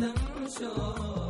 dam shor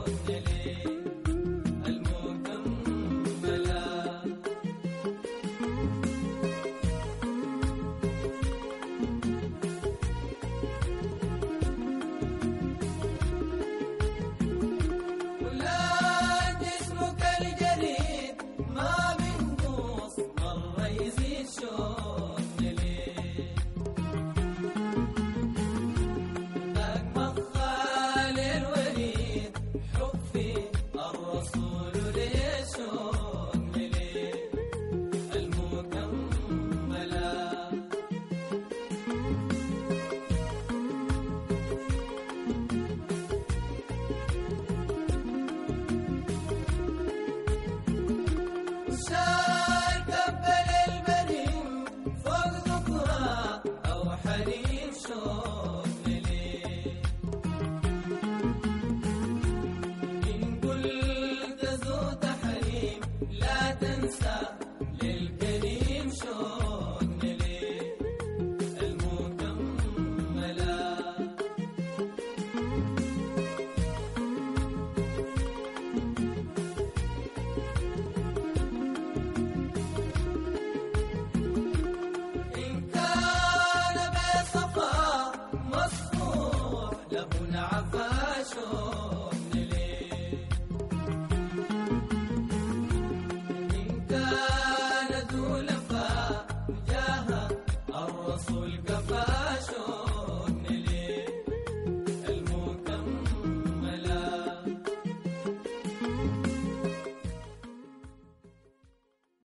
So ابونا عفاشو